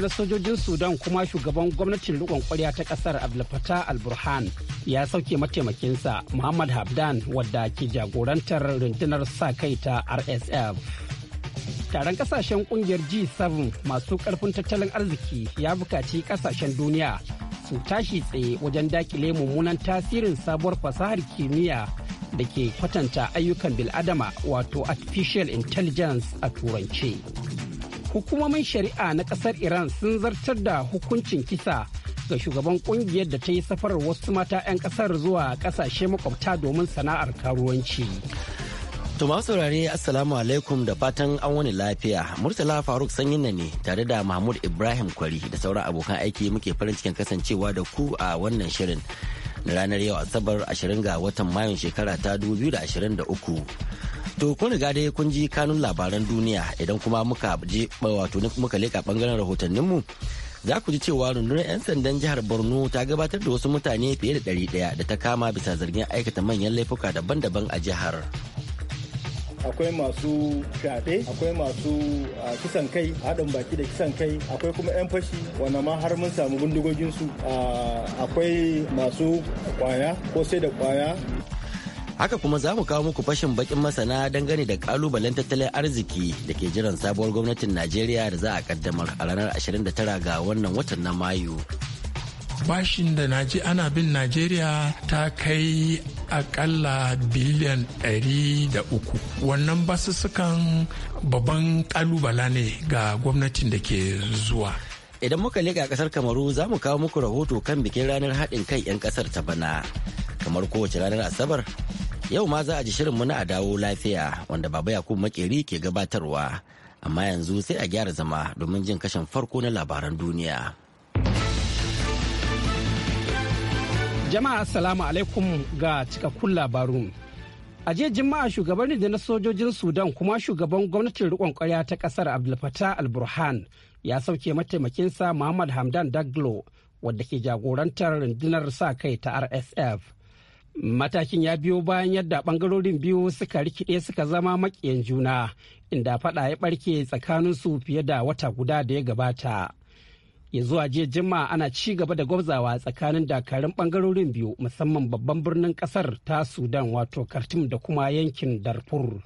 rundunar sojojin Sudan kuma shugaban gwamnatin rikon kwarya ta kasar Abdulfatah Al-Burhan ya sauke mataimakinsa Muhammad Habdan wadda ke jagorantar rundunar sa kai ta RSF. Taron kasashen ƙungiyar G7 masu karfin tattalin arziki ya bukaci ƙasashen duniya su tashi tsaye wajen dakile mummunan tasirin sabuwar fasahar kimiyya da ke kwatanta ayyukan bil'adama wato artificial intelligence a turance. hukumomin shari'a na kasar iran sun zartar da hukuncin kisa ga shugaban kungiyar da ta yi safarar wasu mata 'yan kasar zuwa kasashe makwabta domin sana'ar karuwanci to masu saurare assalamu alaikum da fatan an wani lafiya murtala faruk sanyin ne tare da mahmud ibrahim kwari da sauran abokan aiki muke farin cikin kasancewa da ku a wannan shirin ranar yau asabar 20 ga watan mayun shekara ta 2023 to kun riga dai kun ji kanun labaran duniya idan kuma muka je wato muka leka bangaren rahotanninmu za ku ji cewa rundunar 'yan sandan jihar borno ta gabatar da wasu mutane fiye da 100 da ta kama bisa zargin aikata manyan laifuka daban-daban a jihar. akwai masu fyaɗe akwai masu kisan kai haɗin baki da kisan kai akwai kuma 'yan fashi wanda ma har mun samu bindigoginsu akwai masu kwaya ko sai da kwaya haka kuma za mu kawo muku fashin bakin masana dangane da kalubalen tattalin arziki da ke jiran sabuwar gwamnatin najeriya da za a kaddamar a ranar 29 ga wannan watan na mayu bashin da ana bin najeriya ta kai akalla biliyan ɗari da uku wannan basussukan babban ƙalubala ne ga gwamnatin da ke zuwa idan muka liƙa ƙasar kamaru za mu kawo muku rahoto kan bikin ranar haɗin kai 'yan ƙasar ta bana kamar kowace ranar asabar yau ma za a ji shirinmu na a dawo lafiya wanda baba yakubu makeri ke gabatarwa amma yanzu sai a gyara zama domin jin kashin farko na labaran duniya. Jama'a Assalamu alaikum ga cikakkun labarun. A jiya Juma'a shugaban na sojojin Sudan kuma shugaban gwamnatin riƙon ƙwarya ta ƙasar Abdulfatah Al-Burhan ya sauke mataimakinsa Muhammad Hamdan Daglo wadda ke jagorantar rundunar sa kai ta RSF. Matakin ya biyo bayan yadda ɓangarorin biyu suka rikide suka zama makiyan juna inda faɗa ya barke tsakaninsu fiye da wata guda da ya gabata. ya zuwa jiya jimma'a ana ci gaba da gwabzawa tsakanin dakarun bangarorin biyu musamman babban birnin kasar ta sudan wato khartoum da kuma yankin darfur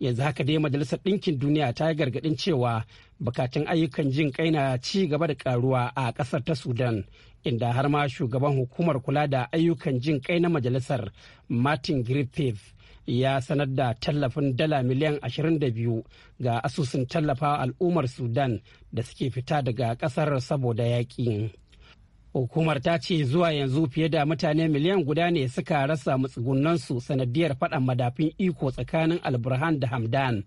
yanzu haka dai majalisar ɗinkin duniya ta yi gargaɗin cewa bukatun ayyukan jin kai na ci gaba da karuwa a ƙasar ta sudan inda har ma shugaban hukumar kula da ayyukan jin kai na majalisar martin griffith ya sanar da tallafin dala miliyan 22 ga asusun tallafa al'ummar sudan da suke fita daga kasar saboda yaƙi hukumar ta ce zuwa yanzu fiye da mutane miliyan guda ne suka rasa matsugunansu sanadiyar faɗan madafin iko tsakanin alburhan da hamdan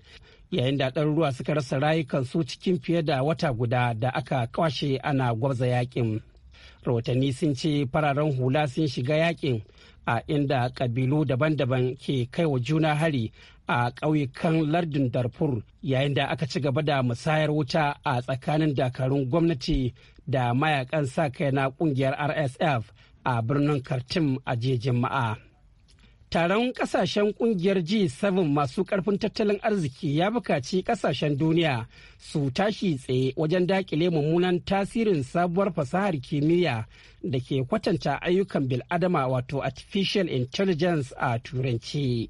yayin da ɗaruruwa suka rasa rayukansu cikin fiye da wata guda da aka kwashe ana gwabza yakin rahotanni sun ce fararen hula sun shiga yakin a inda kabilu daban-daban ke kai wa juna hari a ƙauyukan lardin darfur yayin da aka ci gaba da musayar wuta a tsakanin dakarun gwamnati da mayakan sa kai na kungiyar rsf a birnin khartoum a jiya jama'a taron kasashen kungiyar G7 masu karfin tattalin arziki ya bukaci kasashen duniya su tashi tsaye wajen dakile mummunan tasirin sabuwar fasahar kimiyya da ke kwatanta ayyukan bil'adama wato artificial intelligence a turanci.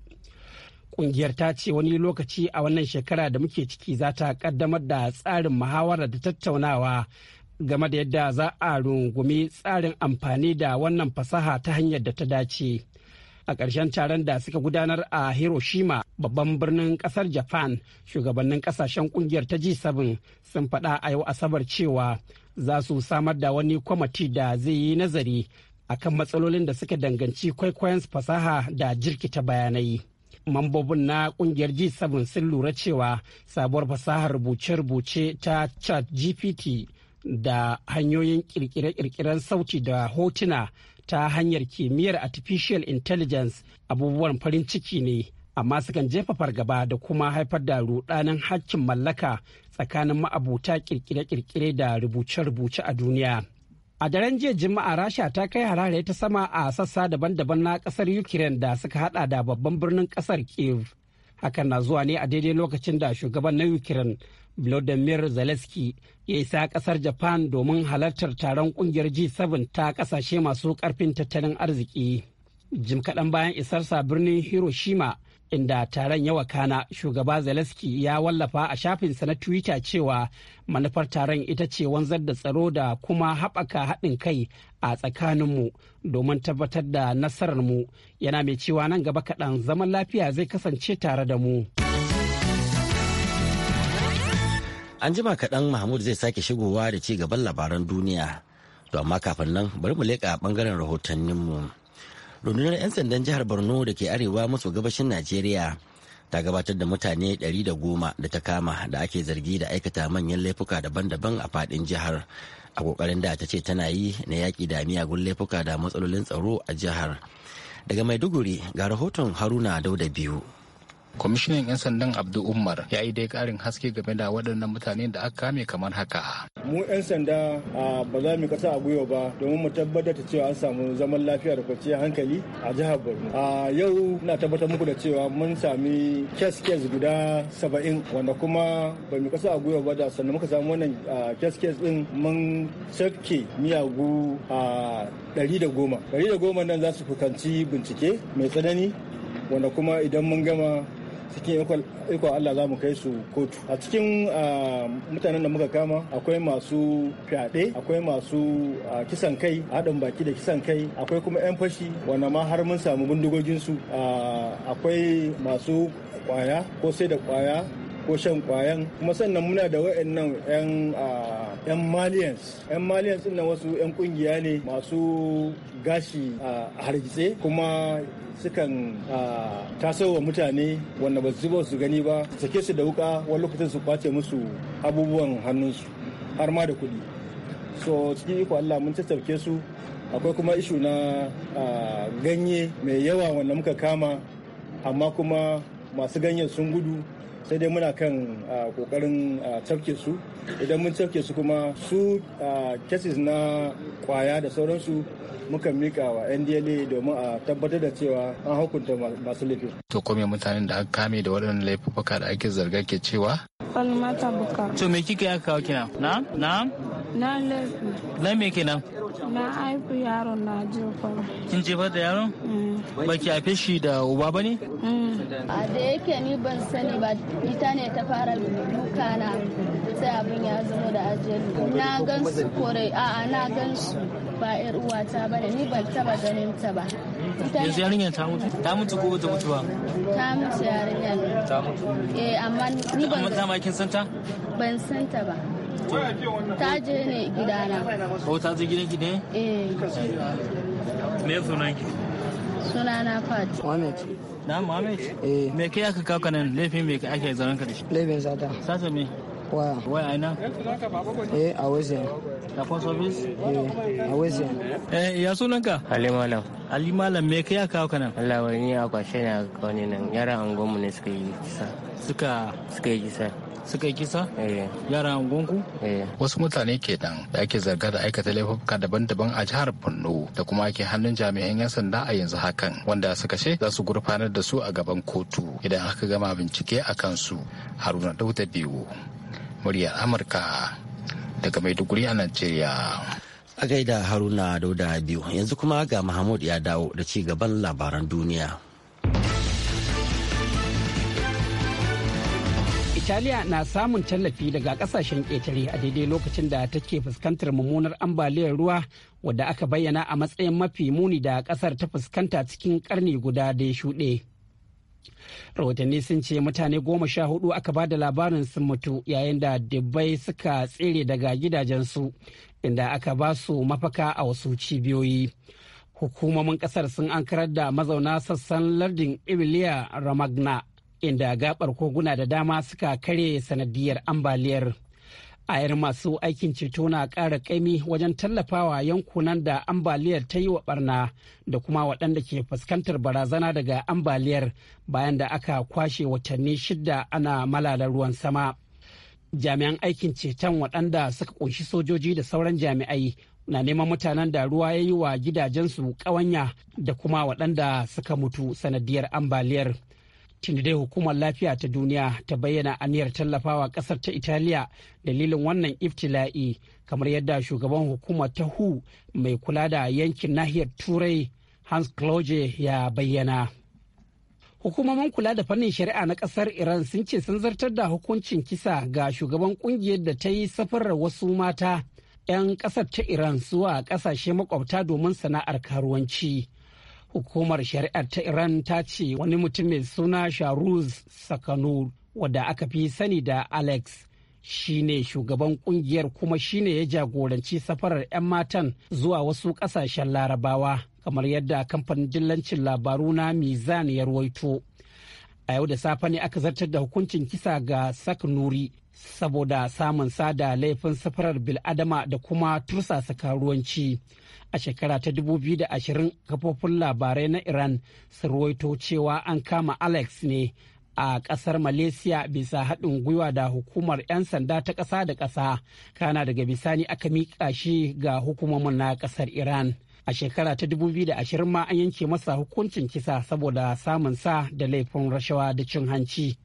Kungiyar ta ce wani lokaci a wannan shekara da muke ciki za ta kaddamar da tsarin muhawara da tattaunawa game da yadda za a rungumi tsarin amfani da wannan fasaha ta hanyar da ta dace. a ƙarshen taron da suka gudanar a hiroshima babban birnin ƙasar japan shugabannin ƙasashen ƙungiyar ta g7 sun faɗa a yau asabar cewa za su samar da wani kwamati da zai yi nazari akan matsalolin da suka danganci kwaikwayon fasaha da jirkita bayanai mambobin na kungiyar g7 sun lura cewa sabuwar fasahar rubuce-rubuce ta chat gpt da hanyoyin kirkire-kirkiren sauti da hotuna ta hanyar kimiyyar artificial intelligence abubuwan farin ciki ne amma sukan jefa fargaba da kuma haifar da rudanin hakkin mallaka tsakanin ma'abuta kirkire-kirkire da rubuce-rubuce a duniya. A daren jiya Juma'a Rasha ta kai harare ta sama a sassa daban-daban na kasar Ukraine da suka hada da babban birnin kasar Kiev. Hakan na zuwa ne a daidai lokacin da shugaban na Ukraine Vladimir Zelensky ya isa kasar Japan domin halartar taron kungiyar G7 ta kasashe masu karfin tattalin arziki. Jim kaɗan bayan isarsa birnin Hiroshima inda taron yawa Kana shugaba Zelensky ya wallafa a shafinsa na Twitter cewa manufar taron ita ce wanzar da tsaro da kuma haɓaka haɗin kai a tsakaninmu domin tabbatar da nasararmu yana mai cewa nan gaba kaɗan zaman lafiya zai kasance tare da mu. An jima kaɗan Mahmud zai sake shigowa da ci gaban labaran duniya. To amma kafin nan bari mu leƙa ɓangaren rahotanninmu. Rundunar 'yan sandan jihar Borno da ke arewa maso gabashin Najeriya ta gabatar da mutane 110 da ta kama da ake zargi da aikata manyan laifuka daban-daban a faɗin jihar. A ƙoƙarin da ta ce tana yi na yaƙi da miyagun laifuka da matsalolin tsaro a jihar. Daga Maiduguri ga rahoton Haruna Dauda biyu. kwamishinan 'yan sandan abdu umar ya yi dai karin haske game da waɗannan mutane da aka kame kamar haka mu 'yan sanda ba za mu kasa a gwiwa ba domin mu tabbatar da cewa an samu zaman lafiya da kwanciyar hankali a jihar borno a yau na tabbatar muku da cewa mun sami kes kes guda saba'in wanda kuma ba mu kasa a gwiwa ba da sannan muka samu wannan kes kes din mun sake miyagu a ɗari da goma ɗari da goma nan za su fuskanci bincike mai tsanani wanda kuma idan mun gama cikin ikon Allah za mu kai su kotu a cikin ah, mutanen da muka kama akwai masu fyaɗe akwai masu ah, kisan kai haɗin baki da kisan kai akwai kuma 'yan fashi wanda ma har mun samu bindigoginsu ah, akwai masu kwaya ko sai da kwaya ko shan kwayan kuma sannan muna da wayannan yan yan maliyans yan na wasu yan kungiya ne masu gashi a hargitse kuma sukan tasowa mutane wanda ba su su gani ba sake su da wuka wani lokacin su kwace musu abubuwan hannunsu har ma da kuɗi so cikin iko allah mun tattauke su akwai kuma ishu na ganye mai yawa wanda muka kama amma kuma masu ganyen sun gudu sai dai muna kan kokarin tafke su idan mun tafke su kuma su cases na kwaya da sauransu muka mika wa ndla domin a tabbatar da cewa an hukunta masu laifin to kome mutanen da aka kame da waɗannan laifuka da ake zarga ke cewa kalmata bukar to me kika ya kawo kina na na na laifi na me kenan Na haifu yaron na jefa. Kin jefa da yaron? Mm. Ba ki haife shi da uba ba ne? Mm. A da yake ni ban sani ba ita ne ta fara duka na sai abin ya zama da ajiyar. Na gan su kore a'a na gan su ba yar uwata ba ne ni ban taba ganin ta ba. Yanzu yarinyar ta mutu? Ta mutu ko ta mutu ba? Ta mutu yarinyar. Ta mutu? Eh amma ni ban. Amma ta ma kin san ta? Ban san ta ba. ta ne gidana ko ta je gidan ki ne eh me sunan ki sunana fat muhammed na mohammed. eh me kai aka kawo kanan laifin me kai ake zaran ka da shi laifin sata sata me waya waya ina eh a wajen da phone service eh a wajen eh ya sunan ka ali malam ali malam me kai aka kawo kanan Allah wani akwashe ne aka kawo ne nan yara angon mu ne suka yi kisa suka suka yi kisa suka yi kisa eh. yara ungonku? Eh. wasu mutane ke nan da ake zarga da aikata laifuka daban-daban a jihar borno da kuma ake hannun jami'an 'yan sanda a yanzu hakan wanda suka ce za su gurfanar da su a gaban kotu idan aka gama bincike a kansu haruna dauta biyu muryar amurka daga maiduguri a najeriya a gaida haruna dauda biyu yanzu kuma ga mahmud ya dawo da ci gaban labaran duniya Italiya na samun tallafi daga kasashen ƙetare a daidai lokacin da take fuskantar mummunar ambaliyar ruwa wadda aka bayyana a matsayin mafi muni da ƙasar ta fuskanta cikin karni guda da ya shuɗe. Rahotanni sun ce mutane goma sha hudu aka ba da labarin sun mutu yayin da dubbai suka tsere daga gidajensu inda aka ba su mafaka a wasu cibiyoyi. Hukumomin ƙasar sun ankarar da mazauna sassan lardin Emilia ramagna. inda gabar koguna da dama suka kare sanadiyar ambaliyar ayar masu aikin ceto na ƙara ƙaimi wajen tallafawa yankunan da ambaliyar ta yi wa barna da kuma waɗanda ke fuskantar barazana daga ambaliyar bayan da aka kwashe watanni shida ana malala ruwan sama jami'an aikin ceton waɗanda suka ƙunshi sojoji da sauran jami'ai na neman mutanen da ruwa ya yi wa gidajensu ƙawanya da kuma waɗanda suka mutu sanadiyar ambaliyar tunda dai hukumar lafiya ta duniya ta bayyana aniyar tallafawa kasar ta italiya dalilin wannan iftila'i kamar yadda shugaban hukumar ta hu mai kula da yankin nahiyar turai hans kloje ya bayyana hukumomin kula da fannin shari'a na kasar iran sun ce sun zartar da hukuncin kisa ga shugaban kungiyar da ta yi safarar wasu mata 'yan kasar ta iran zuwa kasashe makwabta domin sana'ar karuwanci Hukumar shari'ar ta Iran ta ce wani mutum mai suna Sharuz Sakano wadda aka fi sani da Alex shine shugaban kungiyar kuma shi ne ya jagoranci safarar 'yan matan zuwa wasu kasashen larabawa kamar yadda kamfanin dillancin labaru na Mizan ya ruwaito. a yau da safe ne aka zartar da hukuncin kisa ga sak nuri saboda samun sada laifin safarar biladama da kuma tursasa karuwanci a shekara ta 2020 kafofin labarai na iran sun ruwaito cewa an kama alex ne a kasar malaysia bisa haɗin gwiwa da hukumar 'yan sanda ta ƙasa da ƙasa kana daga bisani aka miƙa shi ga hukumomin na ƙasar iran a shekara ta 2020 ma an yanke masa hukuncin kisa saboda samun sa da laifin rashawa da cin hanci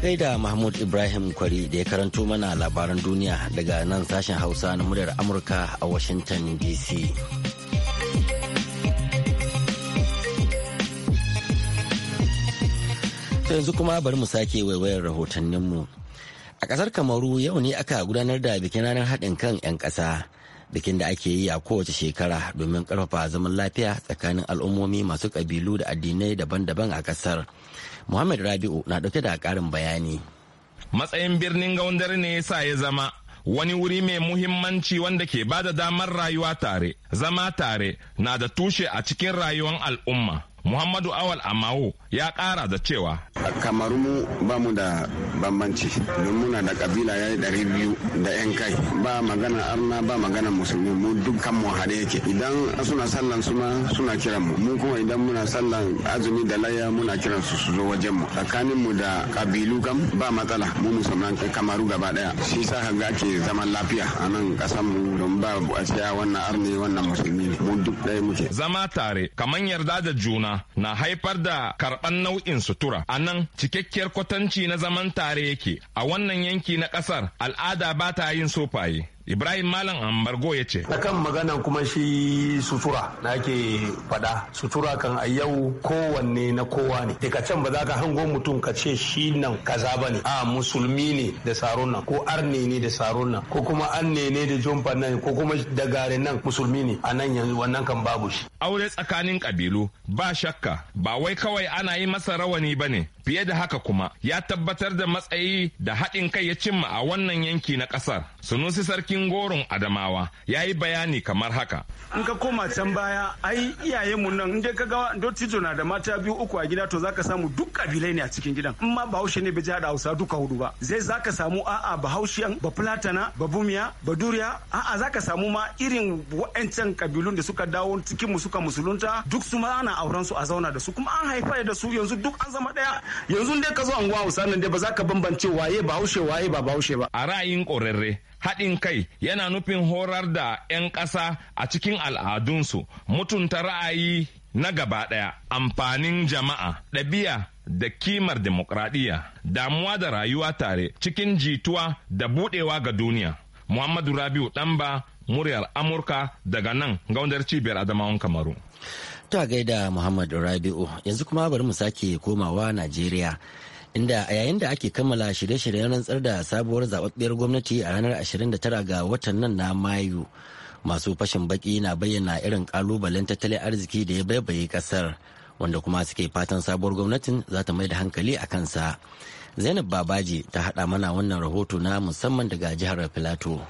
gaida Mahmud Ibrahim Kwari da ya karanto mana labaran duniya daga nan sashen Hausa na muryar Amurka a Washington DC. yanzu kuma bari mu sake waiwayar rahotanninmu. A ƙasar Kamaru yau ne aka gudanar da bikin ranar haɗin kan 'yan ƙasa. bikin da ake yi a kowace shekara domin karfafa zaman lafiya tsakanin al'ummomi masu kabilu da addinai daban-daban a kasar Muhammad Rabi'u na dauke da karin bayani. Matsayin birnin Gaundare ne ya sa ya zama wani wuri mai muhimmanci wanda ke ba da damar rayuwa tare, zama tare na da tushe a cikin rayuwar al'umma. Muhammadu Awal Amawo ya ƙara da cewa. Kamar mu ba mu da bambanci don muna da kabila ya yi ɗari biyu da 'yan kai ba magana arna ba magana musulmi mu dukkan mu hade yake idan suna sallan suma suna kiran mu mu kuma idan muna sallan azumi da laya muna kiran su su zo wajen mu tsakanin mu da kabilu kam ba matsala mu musulman kamaru gaba daya shi sa ga ake zaman lafiya a nan kasan mu don ba a cewa wannan arne wannan musulmi mu duk ɗaya muke. Zama tare kamar yarda da juna juna na haifar da karɓan nau'in sutura a nan cikakkiyar kwatanci na zaman tare yake a wannan yanki na ƙasar al'ada ba ta yin sofaye Ibrahim Malam Ambargo ya ce. Akan magana kuma shi sutura na ke faɗa. Sutura kan a yau kowanne na kowa ne. Daga can ba za ka hango mutum ka ce shi nan kaza ba ne. A musulmi ne da saron nan ko arne ne da saron nan ko kuma an ne da jomfa nan ko kuma da gare nan musulmi ne a nan yanzu wannan kan babu shi. Aure tsakanin kabilu ba shakka ba wai kawai ana yi masa rawani ba ne fiye da haka kuma ya tabbatar da matsayi da haɗin kai ya cimma a wannan yanki na ƙasar sunusi sarkin goron adamawa ya yi bayani kamar haka in ka koma can baya ai iyayenmu nan in ka ga dotijo na da mata biyu uku a gida to zaka samu duk kabilai ne a cikin gidan in ma bahaushe ne bai da hausa duka hudu ba zai zaka samu a'a bahaushiyan ba fulatana ba bumiya ba duriya a'a zaka samu ma irin wa'ancan kabilun da suka dawo cikin mu suka musulunta duk su ma ana auren su a zauna da su kuma an haifa da su yanzu duk an zama ɗaya. yanzu dai ka zo an hausa nan dai ba za ka bambance waye bahaushe waye ba bahaushe ba a ra'ayin ƙorarre haɗin kai yana nufin horar da 'yan ƙasa a cikin al'adunsu mutunta ra'ayi na gaba ɗaya amfanin jama'a ɗabi'a da kimar demokradiyya damuwa da rayuwa tare cikin jituwa da buɗewa ga duniya muhammadu rabiu ɗanba muryar amurka daga nan gaunar cibiyar adamawan kamaru Ta gaida Muhammadu Rabi'u yanzu kuma bari mu sake komawa Najeriya. Inda a yayin da ake kammala shirye-shiryen rantsar da sabuwar zaɓaɓɓiyar gwamnati a ranar 29 ga watan nan na Mayu. Masu fashin baki na bayyana irin ƙalubalen tattalin arziki da ya baibaye ƙasar, wanda kuma suke fatan sabuwar gwamnatin za ta mai da hankali a kansa. Zainab Babaji ta haɗa mana wannan rahoto na musamman daga jihar Filato.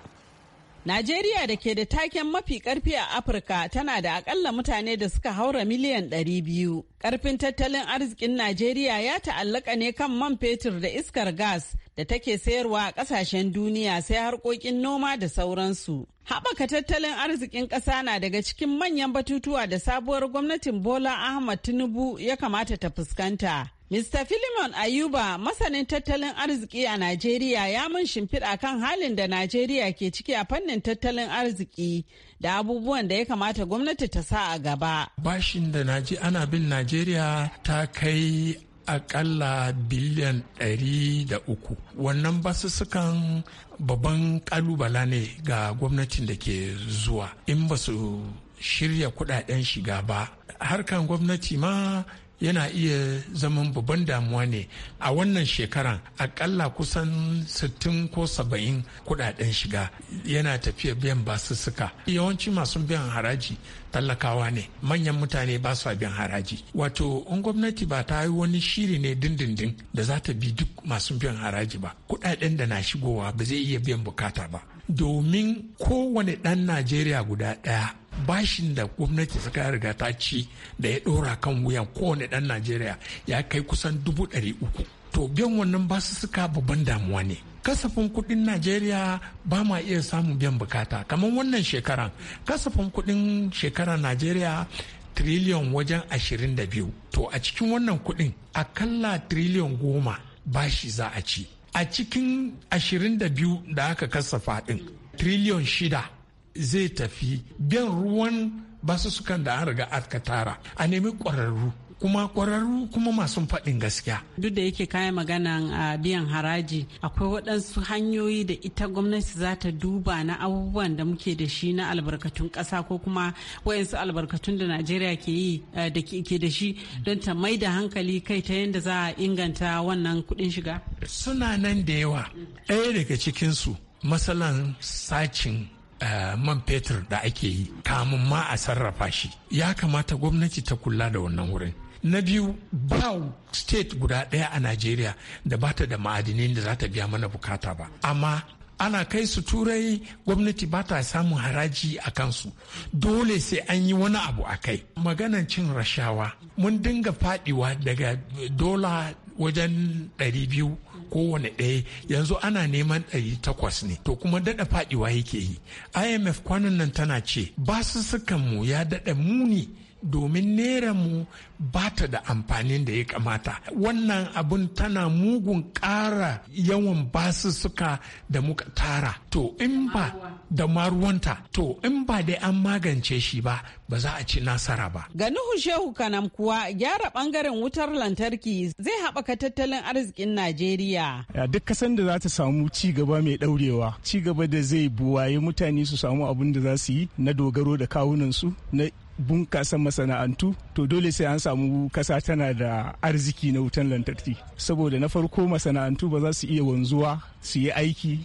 Najeriya da ke da taken mafi karfi a Afirka tana da akalla mutane da suka haura miliyan 200. Karfin tattalin arzikin Najeriya ya ta'allaka ne kan man fetur da iskar gas da take sayarwa a kasashen duniya sai harkokin noma da sauransu. Haɓaka tattalin arzikin ƙasa na daga cikin manyan batutuwa da sabuwar gwamnatin Bola Ahmad Tinubu ya kamata ta fuskanta. Mr. Philemon Ayuba, masanin tattalin arziki a Najeriya ya mun shimfiɗa kan halin da Najeriya ke ciki a fannin tattalin arziki da abubuwan da ya kamata gwamnati ta sa a gaba. Bashin da ana bin najeriya ta kai akalla biliyan ɗari da uku wannan basussukan babban kalubala ne ga gwamnatin da ke zuwa in ba su shirya kudaden shiga ba harkan gwamnati ma yana iya zaman babban damuwa ne a wannan shekaran akalla kusan 60 ko 70 kudaden shiga yana tafiya biyan basussuka yawanci masu biyan haraji tallakawa ne manyan mutane ba su biyan haraji wato in gwamnati ba ta yi wani shiri ne dindindin da za ta bi duk masu biyan haraji ba kudaden da na shigowa ba zai iya biyan bukata ba domin kowane dan najeriya guda ɗaya bashin da gwamnati suka riga ta ci da ya ɗora kan wuyan kowane dan najeriya ya kai kusan dubu ɗari uku to biyan wannan basu suka babban damuwa ne kasafin kudin najeriya ba ma iya samun biyan bukata kamar wannan shekaran kasafin kudin shekarar najeriya triliyon wajen ashirin da biyu to a cikin wannan kudin akalla triliyon goma bashi za a ci a cikin biyu da aka kasafa din triliyon shida zai tafi bin ruwan basu sukan da an riga aka tara a nemi ƙwararru kuma kwararru kuma masu faɗin gaskiya. Duk da yake kayan magana a biyan haraji akwai waɗansu hanyoyi da ita gwamnati za ta duba na abubuwan da muke da shi na albarkatun ƙasa ko kuma wayansu albarkatun da Najeriya ke yi da ke da shi don ta mai da hankali kai ta yadda za a inganta wannan kuɗin shiga. Suna nan da yawa ɗaya daga cikinsu masalan sacin Eh, man fetur da ake yi kamun ma a sarrafa shi ya kamata gwamnati ta kula da wannan wurin na biyu ba state guda ɗaya a najeriya da ba ta da ma'adinin da za ta biya mana bukata ba amma ana kai su turai gwamnati ba ta samun haraji a kansu dole sai an yi wani abu a kai maganan cin rashawa mun dinga fadiwa daga dola wajen 200 kowane ɗaya yanzu ana neman ɗari takwas ne to kuma daɗa faɗiwa yake yi imf kwanan nan tana ce basussukan mu ya daɗa muni domin nera mu ba ta da amfanin da ya kamata wannan abun tana mugun ƙara yawan basu suka da muka tara to in ba da maruwanta to in ba dai an magance shi ba ba za a ci nasara ba ga nuhu shehu kanam kuwa gyara bangaren wutar lantarki zai haɓaka tattalin arzikin najeriya duk kasan da za ta samu ci gaba mai ɗaurewa ci gaba da zai buwaye mutane su samu abin da za su yi na dogaro da kawunansu na bunkasa masana'antu to dole sai an samu kasa tana da arziki na wutan lantarki saboda na farko masana'antu ba za su iya wanzuwa su yi aiki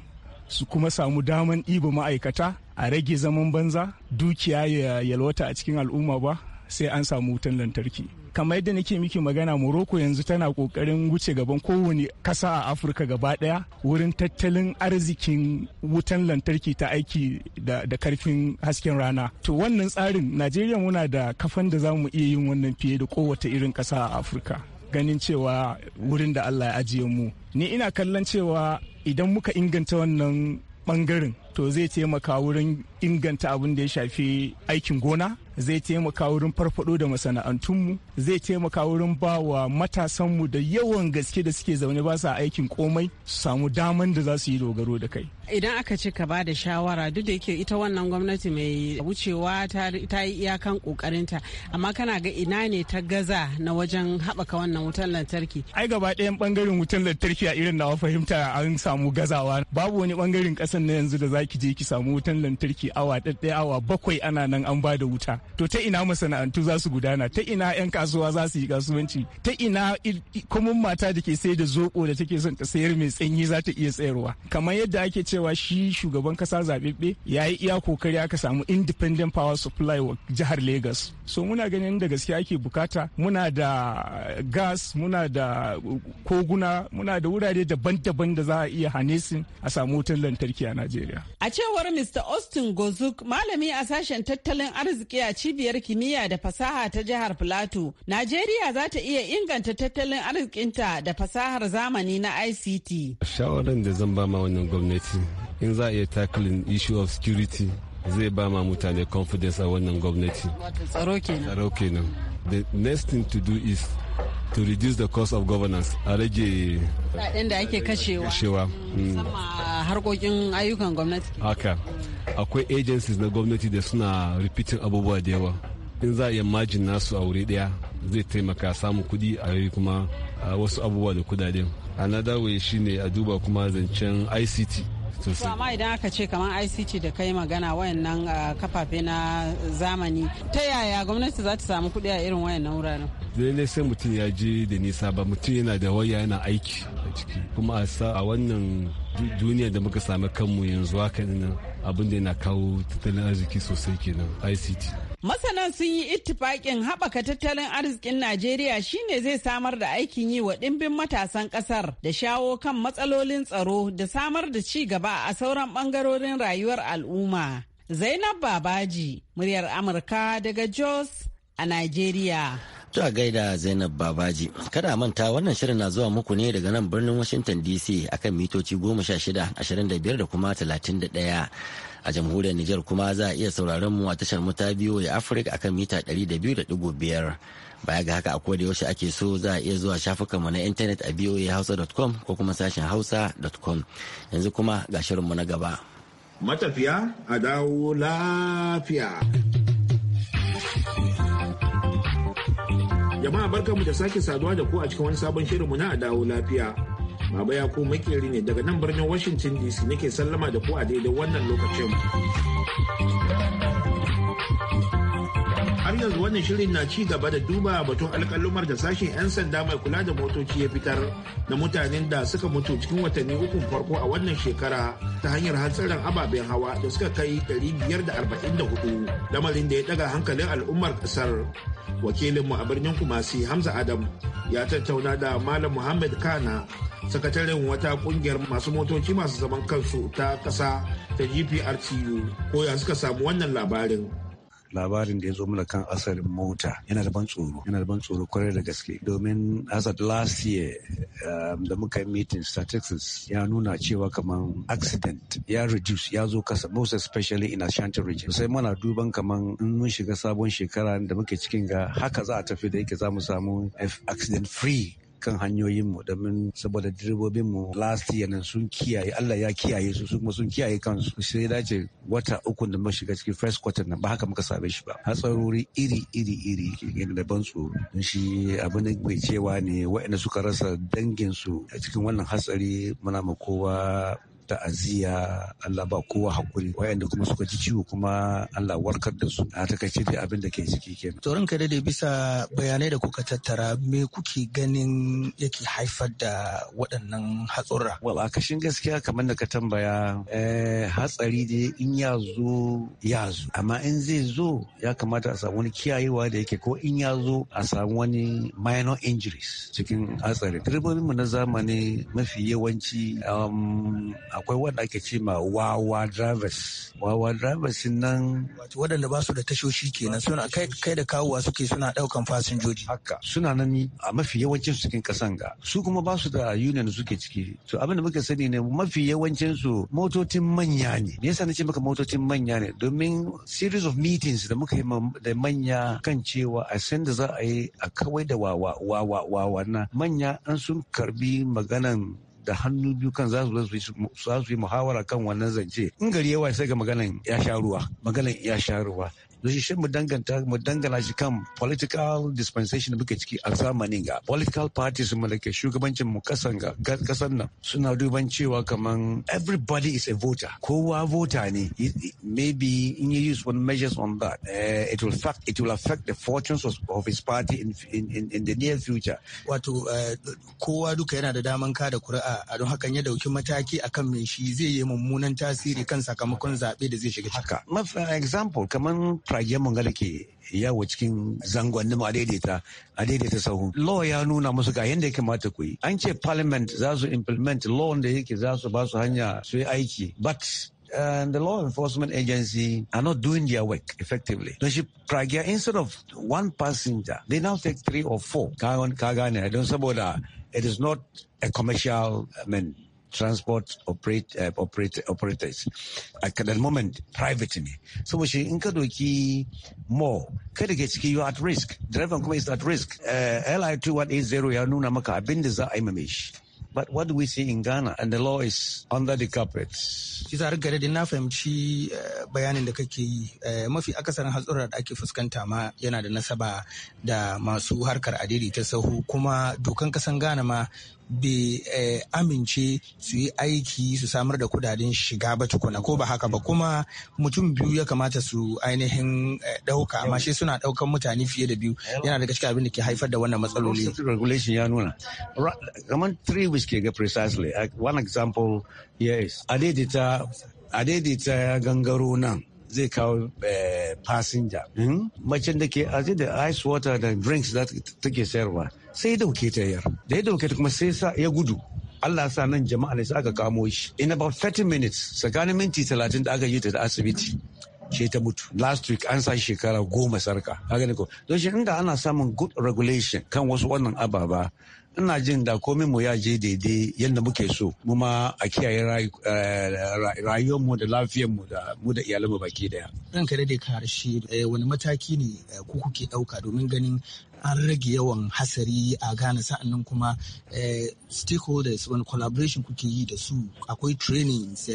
su kuma samu daman ɗiba ma'aikata a rage zaman banza dukiya ya yalwata a cikin al'umma ba sai an samu wutan lantarki kamar yadda nake miki magana morocco yanzu tana kokarin wuce gaban kowane kasa a afirka gaba daya wurin tattalin arzikin wutan lantarki ta aiki da, karfin hasken rana to wannan tsarin najeriya muna da kafan da zamu iya yin wannan fiye da kowace irin kasa a afirka ganin cewa wurin da allah ya ajiye mu ni ina kallon cewa idan muka inganta wannan bangaren to zai taimaka wurin inganta abin da ya shafi aikin gona zai taimaka wurin farfado da masana'antunmu zai taimaka wurin ba wa matasanmu da yawan gaske da suke zaune ba sa aikin komai su samu daman da za su yi dogaro da kai idan aka ce ka ba da shawara duk da yake ita wannan gwamnati mai wucewa ta yi iyakan kokarinta amma kana ga ina ne ta gaza na wajen haɓaka wannan wutan lantarki ai gaba ɗayan bangaren wutan lantarki a irin nawa fahimta an samu gazawa babu wani bangaren ƙasar na yanzu da za ki je ki samu wutan lantarki awa ɗaɗɗaya awa bakwai ana nan an ba da wuta to ta ina masana'antu za su gudana ta ina 'yan kasuwa za su yi kasuwanci ta ina kuma mata da ke sai da zoɓo da take son ta sayar mai tsanyi za ta iya tsayarwa kamar yadda ake cewa shi shugaban kasa zaɓeɓɓe ya yi iya kokari aka samu independent power supply wa jihar lagos so muna ganin da gaske ake bukata muna da gas muna da koguna muna da wurare daban-daban da za a iya hanesin a samu wutan lantarki a najeriya A cewar Mr. Austin Gozuk, malami a sashen tattalin arziki a cibiyar kimiyya da fasaha ta jihar Filato, Najeriya za ta iya inganta tattalin arzikinta da fasahar zamani na ICT. Shawarar da zan ba ma wannan gwamnati in za a iya tackling issue of security zai ba ma mutane confidence a wannan gwamnati. Tsaro kenan. The next thing to do is to reduce the cost of governance a rage da ake kashewa kashewa hmm. harkokin ayyukan gwamnati haka akwai agencies na gwamnati da suna repeating abubuwa da yawa in za a yi nasu a wuri daya zai taimaka samun kudi a yi kuma wasu abubuwa da kudaden another way shine a duba kuma zancen ict sosai amma idan aka ce kamar ICT da kai magana wayannan ah, kafafe na zamani ta yaya gwamnati za ta samu kuɗi a irin wayannan wuraren ne sai mutum ya je da nisa ba mutum yana da waya yana aiki a ciki kuma a wannan duniya da muka sami kanmu yanzu haka nan abin da yana kawo tattalin arziki sosai kenan ICT Masanan sun yi ittifaƙin haɓaka tattalin arzikin Najeriya shine zai samar da aikin yi wa ɗimbin matasan ƙasar da shawo kan matsalolin tsaro da samar da ci gaba a sauran ɓangarorin rayuwar al'umma. Zainab Babaji, muryar Amurka daga Jos a Najeriya. a gaida Zainab Babaji, kada manta wannan shirin na zuwa muku ne daga nan birnin Washington DC akan mitoci 16, 25 da kuma 31. a jamhuriyar Nijar kuma za a iya sauraron mu a tashar mu ta biyo ya Afirka akan mita 200.5 baya ga haka a koda yaushe ake so za a iya zuwa shafukan mu na intanet a hausa.com ko kuma sashen hausa.com yanzu kuma ga shirin mu na gaba matafiya a dawo lafiya jama'a barkanmu da sake saduwa da ku a cikin wani sabon shirinmu na a dawo lafiya Baba ya makeri ne daga nan birnin Washington DC nake sallama da ku a daidai wannan lokacin. yanzu wannan shirin na ci gaba da duba batun alkalumar da sashen 'yan sanda mai kula da motoci ya fitar da mutanen da suka mutu cikin watanni uku farko a wannan shekara ta hanyar hatsarin ababen hawa da suka kai 544 lamarin da ya daga hankalin al'ummar kasar wakilinmu a birnin kumasi hamza adam ya tattauna da malam muhammad kana sakataren wata kungiyar masu motoci masu zaman kansu ta kasa ta gprtu ko ya suka samu wannan labarin labarin da ya zo mana kan asarin mota yana da ban tsoro yana da ban tsoro kwarai da gaske domin as of last year um, da muka yi meeting statistics ya nuna cewa kamar accident ya reduce ya zo kasa most especially in Ashanti region sai muna duban kamar in mun shiga sabon shekara da muke cikin ga haka za a tafi da yake za mu samu accident free kan hanyoyinmu domin saboda direbobinmu last year nan sun kiyaye Allah ya kiyaye su su kuma sun kiyaye kansu sai dace wata uku da muka shiga cikin first quarter nan ba haka muka same shi ba hatsarori iri iri iri da ban tsoro shi abu ne mai cewa ne waɗanda suka rasa dangin su a cikin wannan hatsari muna ma kowa ta'aziyya Allah ba kowa hakuri wayanda kuma suka ji ciwo kuma Allah warkar da su a takaice dai abin da ke ciki ke to ranka dai bisa bayanai da kuka tattara me kuke ganin yake haifar da waɗannan hatsura wal a kashin gaskiya kamar da ka tambaya eh, hatsari dai in ya zo ya zo amma in zai zo ya kamata a samu wani kiyayewa da yake ko in ya zo a samu wani minor injuries cikin hatsari mu na zamani mafi yawanci um, akwai wanda ake ce ma wawa drivers wawa drivers nan waɗanda ba su da tashoshi kenan suna kai da kawowa suke suna ɗaukan fasinjoji haka suna nan a mafi yawancin cikin kasan ga su kuma ba su da union suke ciki to abin da muke sani ne mafi yawancin su motocin manya ne me yasa nace maka motocin manya ne domin series of meetings da muka yi da manya kan cewa a san da za a yi a kawai da wawa wawa wawa na manya an sun karbi maganan da hannu biyu kan za su yi muhawara kan wannan zance in gari yawa sai ga maganan ya sha ruwa maganan ya sha ruwa da shi mu danganta mu dangana shi kan political dispensation da muke ciki a zamanin ga political parties mu da ke shugabancin mu kasan ga kasan nan suna duban cewa kaman everybody is a voter kowa vota ne maybe in you use one measures on that uh, it will affect it will affect the fortunes of, of his party in, in, in, in the near future wato eh, kowa duka yana da daman kada kuri'a a don hakan ya dauki mataki akan me shi zai yi mummunan tasiri kan sakamakon zaɓe da zai shiga haka mafi example kaman firagen manga da ke yawo cikin zangonnin a daidaita a daidaita sahu law ya nuna musu ga yadda ya kamata ku yi an ce parliament za su implement law da yake za su ba su hanya su yi aiki but and uh, the law enforcement agency are not doing their work effectively. Don shi Pragya, instead of one passenger, they now take three or four. Kagan, gane don saboda it is not a commercial, I mean, transport operate, uh, operate, operators a moment private ne so shi in ka doki more kada daga ciki you at risk driver kuma is at risk uh, li 2180 ya nuna maka abin da za a yi mai shi But what do we see in Ghana? And the law is under the carpet. Kisa gare da na fahimci eh, bayanin da kake yi eh, mafi akasarin hatsurar da ake fuskanta ma yana da nasaba da masu harkar adiri ta sahu kuma dokan kasan Ghana ma bai eh, amince su yi aiki su samar da kudaden shiga ba tukuna ko ba haka ba kuma mutum biyu ya kamata su ainihin eh, ɗauka amma shi suna ɗaukan mutane fiye da biyu yana daga cikin abin da ke haifar da wannan matsaloli. regulation ya nuna kamar three weeks ke ga precisely one example yes adedita adedita gangaro nan zai kawo fasinja eh, hmm? macen da ke aje da ice water da drinks da take sayarwa sai ya dauke ta yar da ya dauke ta kuma sai sa ya gudu Allah sa nan jama'a ne sai aka kamo shi in about 30 minutes tsakanin minti 30 da aka yi ta da asibiti she ta mutu last week an sa shekara goma sarka haka ne ko don shi inda ana samun good regulation kan wasu wannan ababa ina jin da komai mu ya je daidai yadda muke so mu ma a kiyaye eh, rayuwar mu da mu da mu da iyalan mu baki daya. Ran kare da karshe eh, wani mataki ne eh, ku kuke ɗauka domin ganin an rage yawan hasari a Ghana sa'annan kuma stakeholders wani collaboration kuke yi da su akwai trainings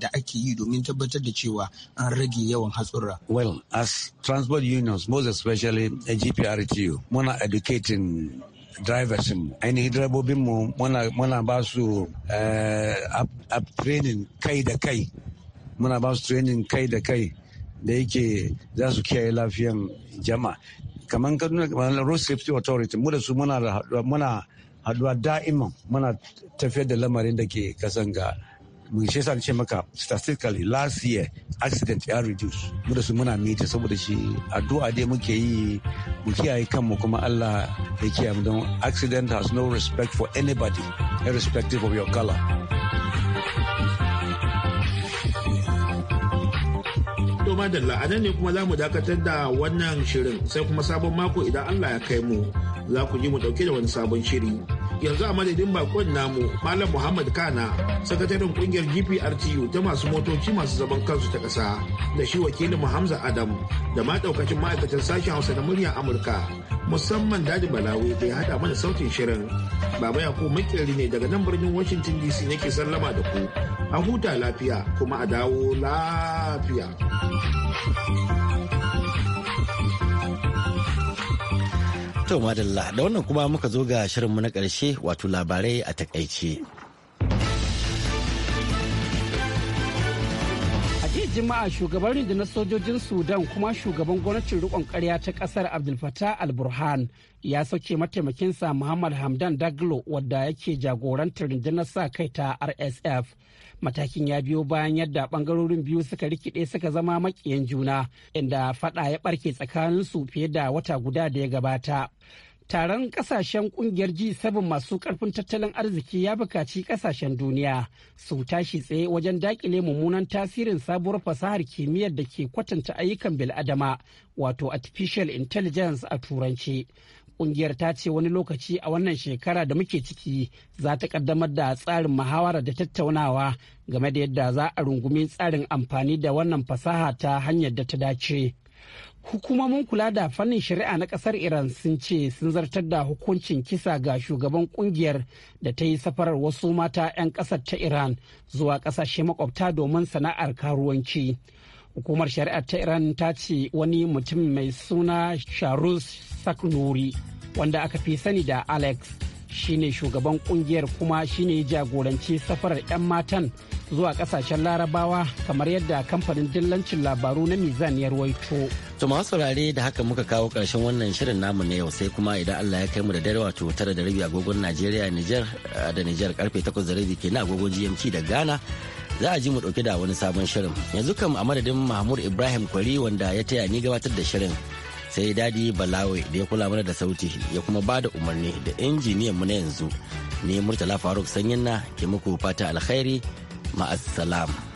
da ake yi domin tabbatar da cewa an rage yawan hatsura. Well, as transport unions, most especially GPRTU, muna educating drivers ainihin direbobin mu muna ba su eh, up training kai da kai muna ba su training kai da kai da yake za su kiyaye lafiyan jama'a kamar kaduna road safety authority mu da su muna haduwa da'iman muna tafiyar da lamarin da ke kasan ga we shi yasa ce maka statistically last year accident are reduced. mu su muna mita saboda shi addu'a dai muke yi mu kiyaye kanmu kuma Allah ya kiyaye mu don accident has no respect for anybody irrespective of your color madalla a nan ne kuma za mu dakatar da wannan shirin sai kuma sabon mako idan Allah ya kai mu za ku ji mu dauke da wani sabon shiri yanzu a madadin bakon namu malam muhammad kana sakataren kungiyar gprtu ta masu motoci masu zaman kansu ta kasa da shi wakilin hamza adam da ma daukacin ma'aikatan sashen hausa da muryar amurka musamman dadi balawe da ya hada mana sautin shirin baba yako makeri ne daga nan birnin washington dc nake sallama da ku a huta lafiya kuma a dawo lafiya To madalla da wannan kuma muka zo ga shirinmu na ƙarshe wato labarai a takaice. jima'a shugaban rundunar sojojin Sudan kuma shugaban gwamnatin rikon karya ta kasar Abdul Fattah al ya sauke mataimakinsa Muhammad Hamdan Daglo wadda yake jagorantar rundunar sa kai ta RSF. Matakin ya biyo bayan yadda bangarorin biyu suka rikide suka zama makiyan juna inda fada ya barke su fiye da wata guda da ya gabata. taron kasashen kungiyar G7 masu karfin tattalin arziki ya bukaci kasashen duniya su tashi tsaye wajen dakile mummunan tasirin sabuwar fasahar kimiyyar da ke kwatanta ayyukan bil'adama wato artificial intelligence a turanci kungiyar ta ce wani lokaci a wannan shekara da muke ciki za ta kaddamar da tsarin muhawara da tattaunawa game da yadda za a rungumi tsarin amfani da wannan fasaha ta hanyar da ta dace hukumomin kula da fannin shari'a na kasar iran sun ce sun zartar da hukuncin kisa ga shugaban kungiyar da ta yi safarar wasu mata 'yan kasar ta iran zuwa kasashe makwabta domin sana'ar karuwanci hukumar shari'ar ta iran ta ce wani mutum mai suna sharus saknuri wanda aka fi sani da alex shine shugaban kungiyar kuma shine jagoranci safarar 'yan matan zuwa kasashen larabawa kamar yadda kamfanin dillancin labaru na mizan ya ruwaito. To masu saurare da haka muka kawo ƙarshen wannan shirin namu na yau sai kuma idan Allah ya kai mu da dare wato tara da rabi agogon Najeriya Niger da Niger karfe takwas da rabi kenan agogon GMT da Ghana za a ji mu dauke da wani sabon shirin yanzu kam a madadin Mahmud Ibrahim Kwari wanda ya taya ni gabatar da shirin sai dadi Balawe da ya kula mana da sauti ya kuma ba da umarni da injiniyan mu na yanzu ne Murtala Faruk Sanyin na ke muku fata alkhairi ma'assalam.